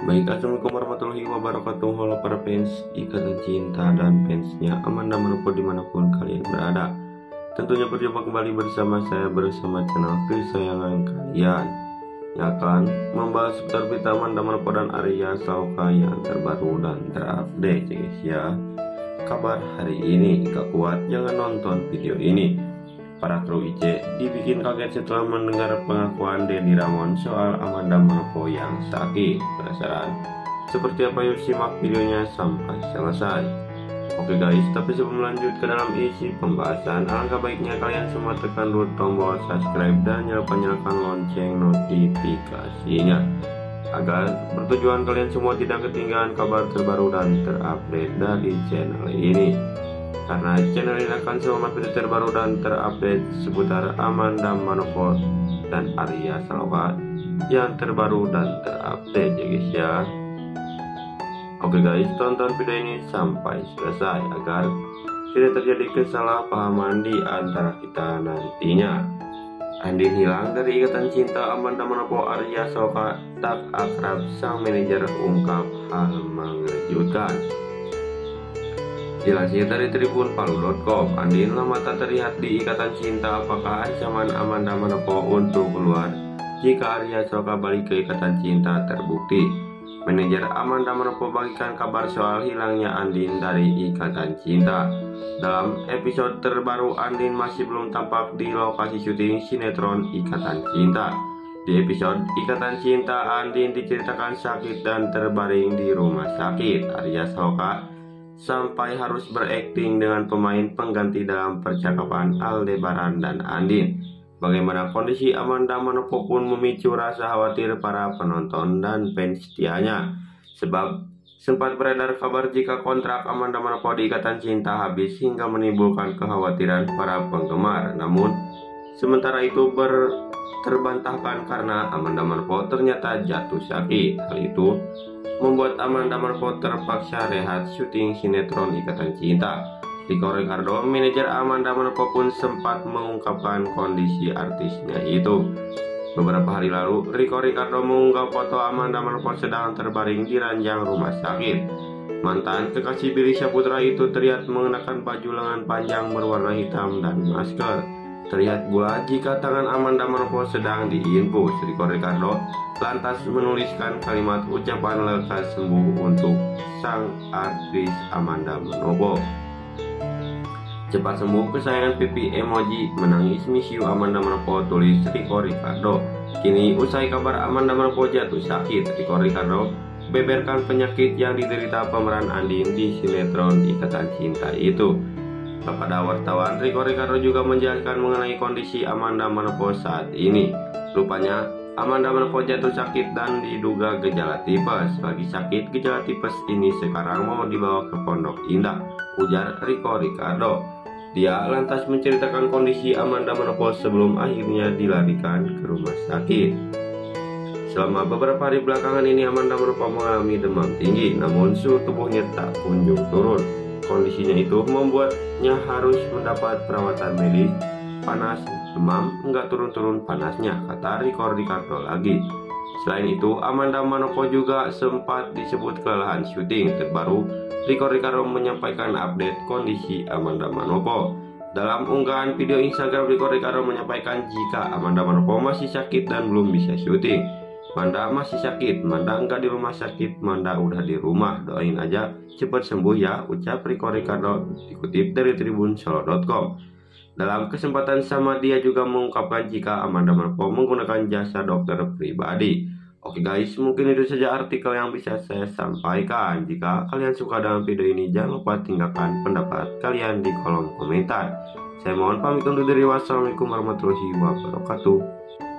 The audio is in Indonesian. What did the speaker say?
Baik, Assalamualaikum warahmatullahi wabarakatuh Halo para fans ikatan cinta dan fansnya Amanda Manopo dimanapun kalian berada Tentunya berjumpa kembali bersama saya bersama channel kesayangan kalian Yang akan membahas seputar berita Amanda Manopo dan Arya Sauka yang terbaru dan terupdate ya guys ya Kabar hari ini, gak kuat jangan nonton video ini Para kru IC dibikin kaget setelah mendengar pengakuan Dedi Ramon soal Amanda Manopo yang sakit. Penasaran? Seperti apa yuk simak videonya sampai selesai. Oke guys, tapi sebelum lanjut ke dalam isi pembahasan, alangkah baiknya kalian semua tekan dulu tombol subscribe dan nyalakan-nyalakan lonceng notifikasinya agar bertujuan kalian semua tidak ketinggalan kabar terbaru dan terupdate dari channel ini karena channel ini akan selalu mampir terbaru dan terupdate seputar Amanda Manopot dan Arya Saloka yang terbaru dan terupdate ya guys ya Oke guys tonton video ini sampai selesai agar tidak terjadi kesalahpahaman di antara kita nantinya Andi hilang dari ikatan cinta Amanda Manopo Arya Soka tak akrab sang manajer ungkap hal mengejutkan Dilansir dari Tribun Palu.com, Andin tak terlihat di Ikatan Cinta apakah ancaman Amanda Manopo untuk keluar jika Arya Soka balik ke Ikatan Cinta terbukti. Manajer Amanda Manopo bagikan kabar soal hilangnya Andin dari Ikatan Cinta. Dalam episode terbaru, Andin masih belum tampak di lokasi syuting sinetron Ikatan Cinta. Di episode Ikatan Cinta, Andin diceritakan sakit dan terbaring di rumah sakit. Arya Soka sampai harus berakting dengan pemain pengganti dalam percakapan Aldebaran dan Andin. Bagaimana kondisi Amanda Manopo pun memicu rasa khawatir para penonton dan fans setianya. Sebab sempat beredar kabar jika kontrak Amanda Manopo di Ikatan Cinta habis hingga menimbulkan kekhawatiran para penggemar. Namun, sementara itu ber terbantahkan karena Amanda Manopo ternyata jatuh sakit. Hal itu membuat Amanda aman terpaksa rehat syuting sinetron Ikatan Cinta. Rico Ricardo, manajer Amanda Manopo pun sempat mengungkapkan kondisi artisnya itu. Beberapa hari lalu, Rico Ricardo mengunggah foto Amanda Manopo sedang terbaring di ranjang rumah sakit. Mantan kekasih Billy Saputra itu terlihat mengenakan baju lengan panjang berwarna hitam dan masker. Terlihat pula jika tangan Amanda Marco sedang diinfus, Rico Ricardo lantas menuliskan kalimat ucapan lekas sembuh untuk sang artis Amanda Manopo. Cepat sembuh kesayangan pipi emoji menangis miss you Amanda Manopo tulis Rico Ricardo. Kini usai kabar Amanda Manopo jatuh sakit, Rico Ricardo beberkan penyakit yang diderita pemeran Andin di sinetron Ikatan Cinta itu. Kepada wartawan, Rico Ricardo juga menjelaskan mengenai kondisi Amanda Manopo saat ini. Rupanya, Amanda Manopo jatuh sakit dan diduga gejala tipes. bagi sakit gejala tipes ini sekarang mau dibawa ke Pondok Indah, ujar Rico Ricardo. Dia lantas menceritakan kondisi Amanda Manopo sebelum akhirnya dilarikan ke rumah sakit. Selama beberapa hari belakangan ini Amanda Manopo mengalami demam tinggi, namun suhu tubuhnya tak kunjung turun kondisinya itu membuatnya harus mendapat perawatan medis, panas, demam, enggak turun-turun panasnya, kata Rico Ricardo lagi. Selain itu, Amanda Manopo juga sempat disebut kelelahan syuting. Terbaru, Rico Ricardo menyampaikan update kondisi Amanda Manopo. Dalam unggahan video Instagram, Rico Ricardo menyampaikan jika Amanda Manopo masih sakit dan belum bisa syuting. Manda masih sakit, Manda enggak di rumah sakit, Manda udah di rumah, doain aja cepat sembuh ya, ucap Riko Ricardo dikutip dari Tribun Solo.com. Dalam kesempatan sama dia juga mengungkapkan jika Amanda Marco menggunakan jasa dokter pribadi. Oke guys, mungkin itu saja artikel yang bisa saya sampaikan. Jika kalian suka dengan video ini, jangan lupa tinggalkan pendapat kalian di kolom komentar. Saya mohon pamit undur diri. Wassalamualaikum warahmatullahi wabarakatuh.